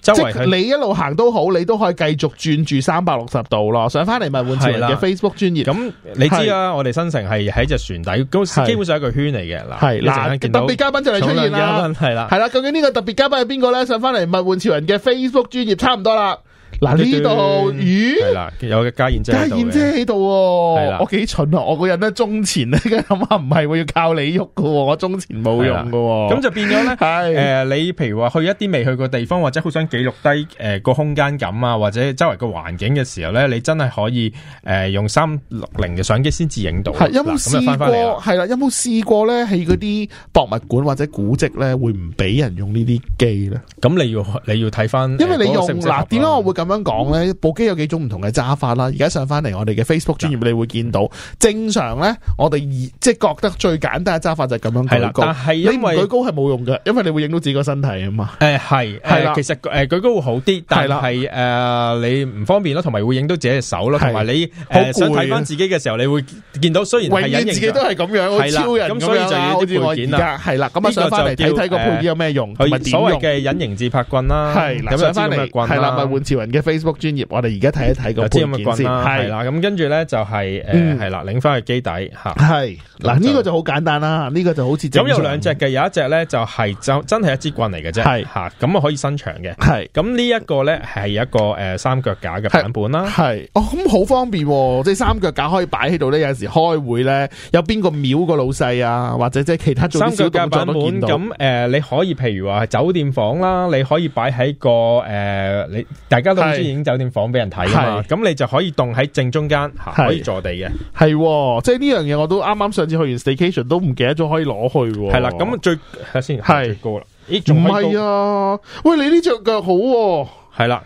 周圍即係你一路行都好，你都可以繼續轉住三百六十度咯。上翻嚟物換潮人嘅 Facebook 專頁。咁你知啦、啊，我哋新城係喺隻船底，基本上係一個圈嚟嘅。嗱，特別嘉賓就嚟出現啦，係啦，係啦。究竟呢個特別嘉賓係邊個咧？上翻嚟物換潮人嘅 Facebook 專頁，差唔多啦。嗱，呢度咦，係啦，有個嘉燕姐喺度嘅。嘉燕姐喺度，喔，我幾蠢啊！我個人咧，中前咧，咁啊，唔係喎，要靠你喐嘅，我中前冇用嘅。咁就變咗咧，誒、 呃，你譬如話去一啲未去過地方，或者好想記錄低誒個、呃、空間感啊，或者周圍個環境嘅時候咧，你真係可以誒、呃、用三六零嘅相機先至影到。係有冇試過？係啦，有冇試過咧？喺嗰啲博物館或者古跡咧，會唔俾人用機呢啲機咧？咁你要你要睇翻，因為你用，嗱、點、呃、解、那個啊、我會咁？咁樣講咧，部機有幾種唔同嘅揸法啦。而家上翻嚟我哋嘅 Facebook 專頁，你會見到、嗯、正常咧，我哋即係覺得最簡單嘅揸法就係咁樣舉高。係啦，但係因為舉高係冇用嘅，因為你會影到自己個身體啊嘛。誒係係啦，其實舉高會好啲，但係誒、呃、你唔方便咯，同埋會影到自己嘅手咯，同埋你好攰，睇翻自己嘅時候，你會見到雖然自己都係咁樣，超人咁、嗯、所以就要啲配件啦。係啦，咁上翻嚟睇睇個配件有咩用，用，所謂嘅隱形自拍棍啦。係啦，咁係啦，物玩 Facebook 專業，我哋而家睇一睇個配件先，係啦、啊，咁跟住咧就係、是、誒，係、嗯、啦，擰翻去機底吓，係嗱呢個就好簡單啦，呢個就好似咁有兩隻嘅，有一隻咧就係、是、就真係一支棍嚟嘅啫，係吓，咁啊可以伸長嘅，係咁呢一個咧係一個誒三腳架嘅版本啦，係哦咁好方便、啊，即係三腳架可以擺喺度咧，有時開會咧有邊個秒個老細啊，或者即係其他做小動作都見到，三腳架版本。咁誒你可以譬如話係酒店房啦，你可以擺喺個誒、呃、你大家都。先影酒店房俾人睇啊嘛，咁你就可以動喺正中間，可以坐地嘅。係，即係呢樣嘢，我都啱啱上次去完 staycation 都唔記得咗可以攞去、啊。係啦，咁最睇下先，係最高啦。咦，仲唔係啊？喂，你呢隻腳好係、啊、啦。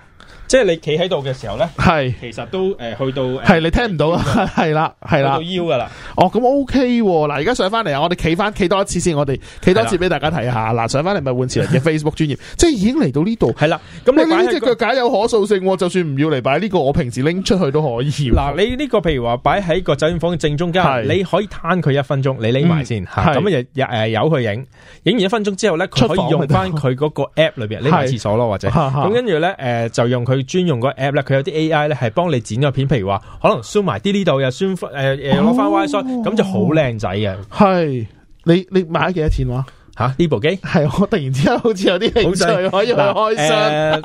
即係你企喺度嘅時候咧，係其實都誒、呃、去到係、啊、你聽唔到啊，係啦，係啦，到腰噶啦。哦，咁 OK 嗱，而家上翻嚟，啊，我哋企翻企多一次先，我哋企多一次俾大家睇下。嗱，上翻嚟咪換次人嘅 Facebook 專頁， 即係已經嚟到呢度係啦。咁你呢隻腳架有可塑性，就算唔要嚟擺呢個，我平時拎出去都可以。嗱，你呢個譬如話擺喺個酒店房嘅正中間，你可以攤佢一分鐘，你拎埋先，咁啊誒由佢影影完一分鐘之後咧，可以用翻佢嗰個 App 裏邊拎廁所咯，或者咁跟住咧誒就用佢。專用個 app 咧，佢有啲 AI 咧係幫你剪咗片，譬如話可能縮埋啲呢度又縮翻，誒誒攞翻 WiFi 咁就好靚仔嘅。係，你你買咗幾多錢話吓呢部機？係我突然之間好似有啲興趣可以去開箱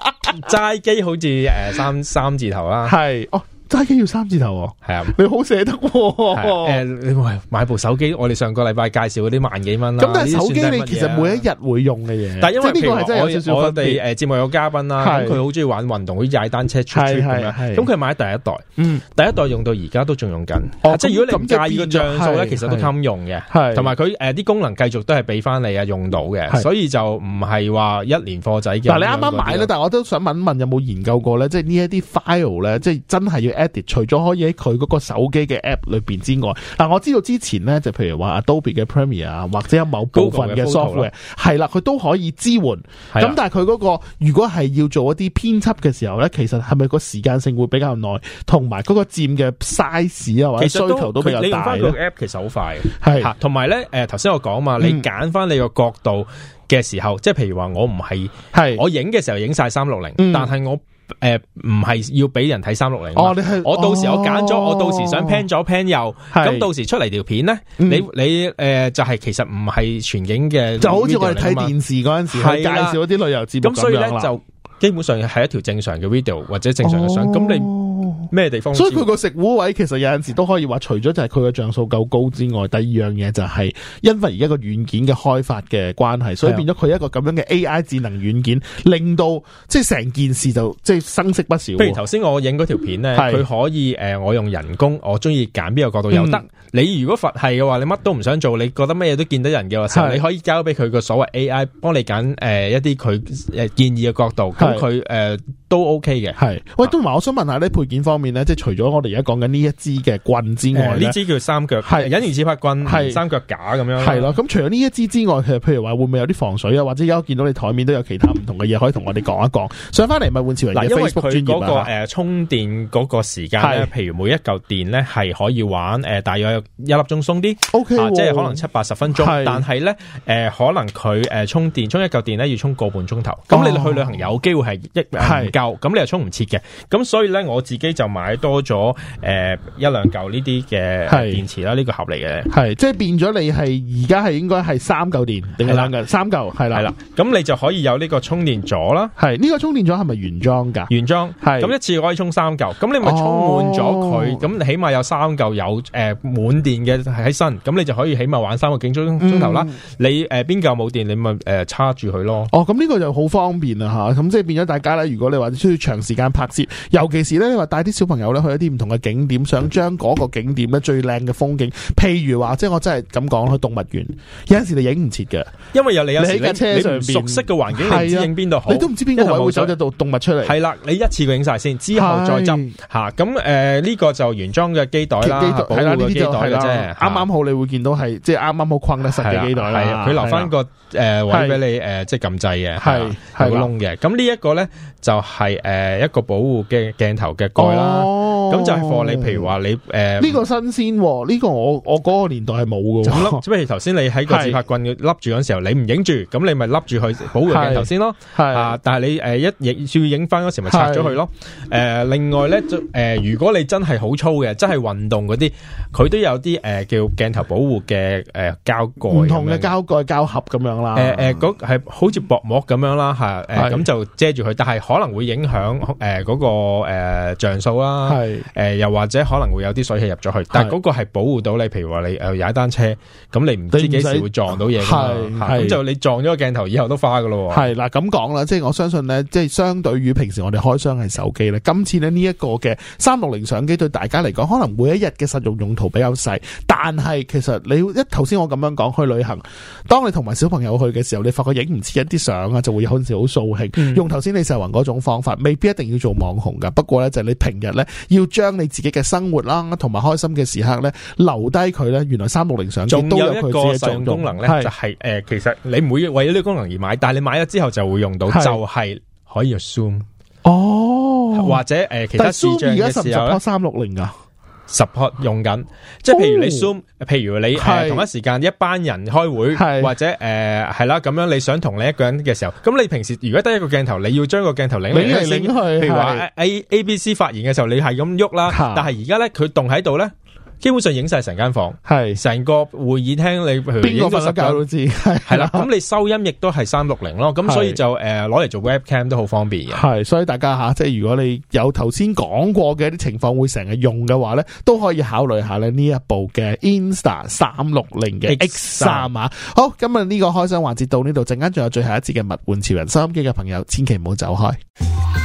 齋機，呃呃、 機好似誒、呃、三三字頭啦。係哦。揸機要三字頭，係啊，你好捨得喎、哦！誒、啊呃，你買部手機，我哋上個禮拜介紹嗰啲萬幾蚊啦。咁但係手機你其實每一日會用嘅嘢，但係因為呢個真係有點點我我哋誒節目有個嘉賓啦，佢好中意玩運動，嗰啲踩單車處處、出嚟咁佢買第一代、嗯，第一代用到而家都仲用緊、哦，即係如果你唔介意個像素咧，其實都堪用嘅，同埋佢誒啲功能繼續都係俾翻你啊，用到嘅，所以就唔係話一年貨仔嘅。嗱，你啱啱買咧，但係我都想問一問，有冇研究過咧？即係呢一啲 file 咧，即係真係要。Edit 除咗可以喺佢嗰個手機嘅 App 裏邊之外，嗱、啊、我知道之前咧就譬如話 Adobe 嘅 Premiere 或者有某部分嘅 software 係啦，佢都可以支援。咁、啊、但係佢嗰個如果係要做一啲編輯嘅時候咧，其實係咪個時間性會比較耐，同埋嗰個佔嘅 size 啊或者需求都比較大咧。用翻個 App 其實好快嘅，係同埋咧，誒頭先我講啊嘛，你揀翻你個角度嘅時候，嗯、即係譬如話我唔係係我影嘅時候影晒三六零，但係我。誒、呃，唔係要俾人睇三六零。我到時我揀咗、哦，我到時想 pan 咗 pan 右，咁到時出嚟條片咧、嗯，你你誒、呃、就係、是、其實唔係全景嘅，就好似我哋睇電視嗰陣時，係、啊、介紹啲旅遊節目咁，所以呢，就基本上係一條正常嘅 video 或者正常嘅相，咁、哦、你。咩地方？所以佢個食糊位其實有陣時都可以話，除咗就係佢個像素夠高之外，第二樣嘢就係，因為而家個軟件嘅開發嘅關係，所以變咗佢一個咁樣嘅 AI 智能軟件，令到即係成件事就即係生色不少。譬如頭先我影嗰條片咧，佢可以誒、呃，我用人工，我中意揀邊個角度又得、嗯。你如果佛系嘅話，你乜都唔想做，你覺得乜嘢都見得人嘅話，你可以交俾佢個所謂 AI 幫你揀誒、呃、一啲佢誒建議嘅角度。咁佢誒。都 OK 嘅，係喂，都唔係。我想問下呢，配件方面呢？即係除咗我哋而家講緊呢一支嘅棍之外呢，呢、呃、支叫三腳，係隱形自拍棍，係三腳架咁樣，係啦，咁除咗呢一支之外，其實譬如話會唔會有啲防水啊，或者有見到你台面都有其他唔同嘅嘢， 可以同我哋講一講。上返嚟咪換次為嗱，因為嗰、那個、呃、充電嗰個時間譬如每一嚿電呢係可以玩、呃、大約一粒鐘鬆啲，OK，、啊、即係可能七八十分鐘。但係呢、呃，可能佢、呃、充電充一嚿電呢要充個半鐘頭。咁、哦、你去旅行有機會係一、嗯咁、哦、你又充唔切嘅，咁所以咧我自己就買多咗誒、呃、一兩舊呢啲嘅電池啦，呢、這個盒嚟嘅，係即係變咗你係而家係應該係三舊電定係兩舊，三舊係啦，係啦，咁你就可以有呢個充電座啦，係呢、這個充電座係咪原裝噶？原裝，咁一次可以充三舊，咁你咪充滿咗佢，咁、哦、起碼有三舊有誒、呃、滿電嘅喺身，咁你就可以起碼玩三個幾鐘鐘頭啦。嗯、你誒邊舊冇電，你咪誒、呃、插住佢咯。哦，咁呢個就好方便啦吓，咁、啊、即係變咗大家咧，如果你話。或者需要長時間拍攝，尤其是咧，你話帶啲小朋友咧去一啲唔同嘅景點，想將嗰個景點咧最靚嘅風景，譬如話，即係我真係咁講，去動物園，有陣時你影唔切嘅，因為有你有私家車上熟悉嘅環境，度、啊、好？你都唔知邊個位會得到動物出嚟。係啦，你一次影晒先，之後再執吓。咁誒、啊，呢、呃這個就原裝嘅機袋啦，係啦，呢個啱啱好你會見到係、啊啊啊，即係啱啱好框得實嘅機袋佢、啊啊啊啊、留翻個誒、啊呃、位俾你誒、呃，即係撳掣嘅，係窿嘅。咁呢一個咧就。嗯係誒、呃、一個保護嘅鏡頭嘅蓋啦，咁、哦、就係貨你，譬如話你誒呢、呃這個新鮮、哦，呢、這個我我嗰個年代係冇嘅。咁咯，只不頭先你喺個自拍棍笠住嗰時候，你唔影住，咁你咪笠住佢保護鏡頭先咯。啊，但係你誒、呃、一影要影翻嗰時，咪拆咗佢咯。誒、呃，另外咧，誒、呃，如果你真係好粗嘅，真係運動嗰啲，佢都有啲誒、呃、叫鏡頭保護嘅誒膠蓋，唔、呃、同嘅膠蓋膠盒咁樣啦。誒、呃、誒，嗰、呃、係、那個、好似薄膜咁樣啦，吓、啊、誒，咁、呃、就遮住佢，但係可能會。影響誒嗰個誒像素啦，誒又或者可能會有啲水汽入咗去，但係嗰個係保護到你，譬如話你誒踩單車，咁你唔知幾時會撞到嘢，咁就你撞咗個鏡頭以後都花噶咯。係嗱咁講啦，即係我相信咧，即係相對於平時我哋開箱係手機咧，今次咧呢一個嘅三六零相機對大家嚟講，可能每一日嘅實用用途比較細，但係其實你一頭先我咁樣講去旅行，當你同埋小朋友去嘅時候，你發覺影唔切一啲相啊，就會有陣時好掃興。用頭先你成云嗰種方。講法未必一定要做網紅噶，不過咧就係你平日咧要將你自己嘅生活啦，同埋開心嘅時刻咧留低佢咧。原來三六零相機都有佢嘅作用。就有一個實用功能咧，就係誒，其實你唔會為咗呢個功能而買，但係你買咗之後就會用到，就係可以 Zoom 哦，或者誒，其他。但係 Zoom 而家實唔實拍三六零噶？support 用緊，即係譬如你 Zoom、哦、譬如你、呃、同一時間一班人開會，是或者誒係、呃、啦咁樣，你想同你一個人嘅時候，咁你平時如果得一個鏡頭，你要將個鏡頭擰擰去，譬如話 A A B C 發言嘅時候，你係咁喐啦，但係而家咧佢動喺度咧。基本上影晒成間房，係成個會議廳，你譬如影個十格都知，係啦，啊。咁、啊、 你收音亦都係三六零咯，咁所以就誒攞嚟做 webcam 都好方便嘅。係，所以大家吓，即係如果你有頭先講過嘅一啲情況，會成日用嘅話咧，都可以考慮下咧呢一部嘅 Insta 三六零嘅 X 三啊。好，今日呢個開箱環節到呢度，陣間仲有最後一節嘅物玩潮人收音機嘅朋友，千祈唔好走開。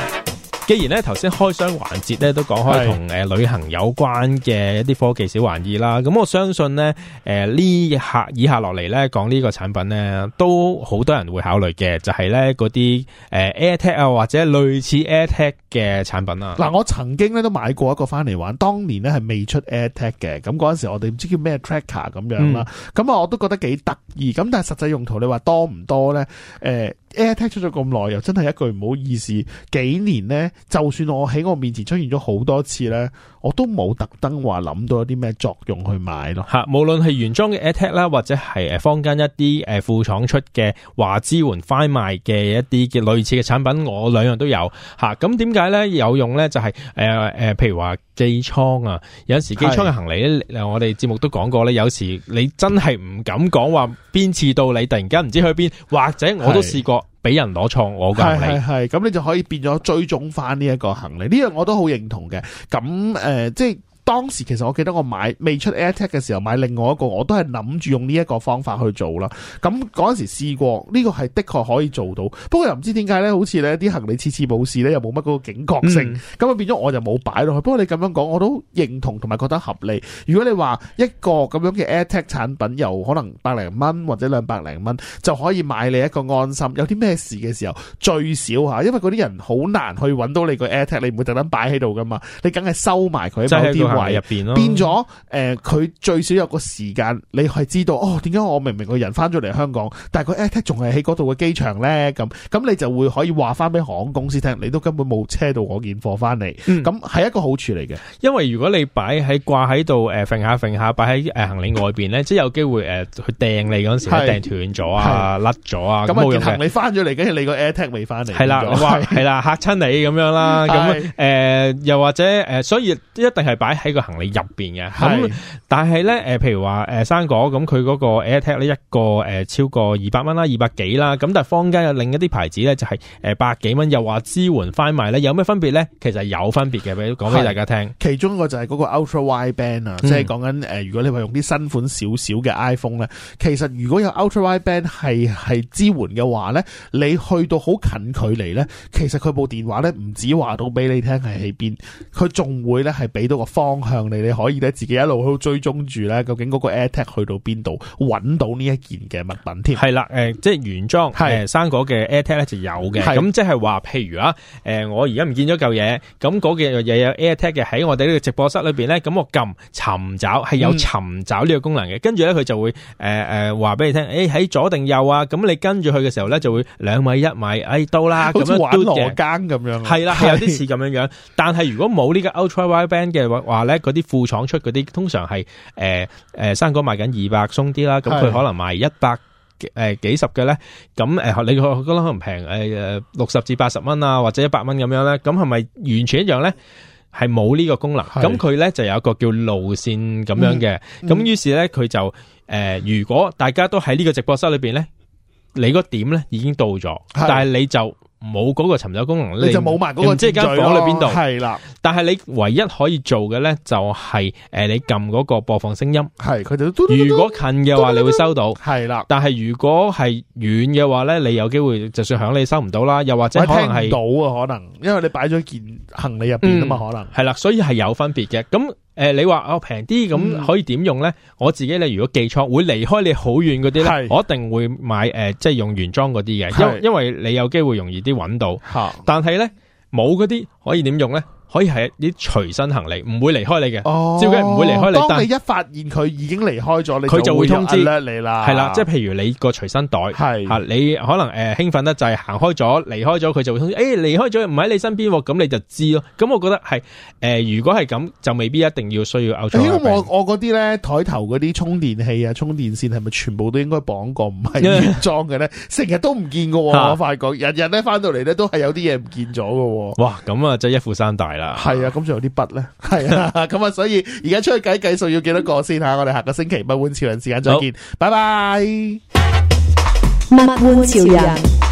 既然咧頭先開箱環節咧都講開同誒、呃、旅行有關嘅一啲科技小玩意啦，咁我相信咧誒呢下、呃、以下落嚟咧講呢講個產品咧都好多人會考慮嘅，就係咧嗰啲誒 AirTag 啊或者類似 AirTag 嘅產品啦。嗱、啊，我曾經咧都買過一個翻嚟玩，當年咧係未出 AirTag 嘅，咁嗰陣時我哋唔知叫咩 Tracker 咁樣啦，咁、嗯、啊我都覺得幾得意，咁但係實際用途你話多唔多咧？誒、呃。AirTag 出咗咁耐，又真係一句唔好意思，幾年呢？就算我喺我面前出現咗好多次呢。我都冇特登話諗到有啲咩作用去買咯，吓，無論係原裝嘅 AirTag 啦，或者係誒坊間一啲誒副廠出嘅話支援 Fine 賣嘅一啲嘅類似嘅產品，我兩樣都有吓。咁點解咧有用咧？就係誒誒，譬、呃呃、如話寄艙啊，有時寄艙嘅行李咧，我哋節目都講過咧，有時你真係唔敢講話，邊次到你突然間唔知去邊，或者我都試過。俾人攞錯我嘅行李，係咁，你就可以變咗追蹤翻呢一個行李，呢、這、樣、個、我都好認同嘅。咁誒、呃，即當時其實我記得我買未出 AirTag 嘅時候買另外一個，我都係諗住用呢一個方法去做啦。咁嗰陣時試過，呢個係的確可以做到。不過又唔知點解呢，好似呢啲行李次次冇事呢，又冇乜嗰個警覺性，咁啊變咗我就冇擺落去。不過你咁樣講，我都認同同埋覺得合理。如果你話一個咁樣嘅 AirTag 產品，又可能百零蚊或者兩百零蚊就可以買你一個安心，有啲咩事嘅時候最少吓，因為嗰啲人好難去揾到你個 AirTag，你唔會特登擺喺度噶嘛，你梗係收埋佢喺包。話入邊咯，變咗誒，佢最少有個時間，你係知道哦。點解我明明個人翻咗嚟香港，但係佢 AirTag 仲係喺嗰度嘅機場咧？咁咁你就會可以話翻俾航空公司聽，你都根本冇車到嗰件貨翻嚟。咁係一個好處嚟嘅，因為如果你擺喺掛喺度誒，揈下揈下，擺喺誒行李外邊咧，即係有機會誒去掟你嗰陣時掟斷咗啊，甩咗啊，咁件行李翻咗嚟，梗係你個 AirTag 未翻嚟。係啦，係啦，吓親你咁樣啦，咁誒，又或者誒，所以一定係擺。喺個行李入邊嘅，咁但係咧，誒，譬如話，誒、呃，生果咁，佢嗰個 AirTag 呢一個，誒、呃，超過二百蚊啦，二百幾啦，咁但係坊間有另一啲牌子咧，就係、是，誒，百幾蚊又話支援翻埋咧，有咩分別咧？其實係有分別嘅，俾講俾大家聽。其中一個就係嗰個 Ultra Wide Band 啊、嗯，即係講緊，誒、呃，如果你話用啲新款少少嘅 iPhone 咧，其實如果有 Ultra Wide Band 係係支援嘅話咧，你去到好近距離咧，其實佢部電話咧唔止話到俾你聽係喺邊，佢仲會咧係俾到個方。方向你哋可以咧自己一路去追蹤住咧，究竟嗰個 AirTag 去到邊度，揾到呢一件嘅物品添。係啦，誒、呃，即係原裝係、呃、生果嘅 AirTag 咧就有嘅。咁即係話，譬如啊，誒、呃，我而家唔見咗嚿嘢，咁嗰件嘢有 AirTag 嘅喺我哋呢個直播室裏邊咧，咁我撳尋找係有尋找呢個功能嘅，跟住咧佢就會誒誒話俾你聽，誒、欸、喺左定右啊，咁你跟住去嘅時候咧就會兩米一米，誒、哎、到啦，好似玩羅庚咁樣。係啦，係有啲似咁樣樣，樣但係如果冇呢個 Ultra Wideband 嘅話。嗰啲副廠出嗰啲通常係誒誒，生果賣緊二百鬆啲啦，咁佢可能賣一百幾誒幾十嘅咧，咁誒、呃、你覺得可能平誒誒六十至八十蚊啊，或者一百蚊咁樣咧，咁係咪完全一樣咧？係冇呢個功能，咁佢咧就有一個叫路綫咁樣嘅，咁、嗯、于、嗯、是咧佢就誒、呃，如果大家都喺呢個直播室裏邊咧，你個點咧已經到咗，但係你就冇嗰個尋找功能，你就冇埋嗰個即係間房裏邊度，係啦。但係你唯一可以做嘅咧，就係誒，你撳嗰個播放聲音。係佢就如果近嘅話，你會收到。係啦，但係如果係遠嘅話咧，你有機會就算響你收唔到啦，又或者可能係到啊，可能因為你擺咗件行李入邊啊嘛，可能係啦，所以係有分別嘅。咁誒、呃，你話我平啲咁可以點用咧、嗯？我自己咧，如果寄艙會離開你好遠嗰啲咧，我一定會買誒、呃，即係用原裝嗰啲嘅，因因為你有機會容易啲揾到。吓，但係咧冇嗰啲可以點用咧？可以係啲隨身行李，唔會離開你嘅，照計唔會離開你。當你一發現佢已經離開咗，你佢就會通知你啦，係啦，即係譬如你個隨身袋，係吓你可能誒興奮得滯行開咗，離開咗佢就會通知，誒離、啊呃就是、開咗唔喺你身邊，咁你就知咯。咁我覺得係誒、呃，如果係咁，就未必一定要需要 out 裝。我我嗰啲咧，台頭嗰啲充電器啊，充電線係咪全部都應該綁過唔係原裝嘅咧？成 日都唔見嘅、啊，我發覺日日咧翻到嚟咧都係有啲嘢唔見咗嘅。哇，咁啊，真係一闊三大係、嗯、啊，咁仲有啲筆咧，係啊，咁啊，所以而家出去計計數要幾多個先吓，我哋下個星期物玩潮人時間再見，拜拜，物玩潮人。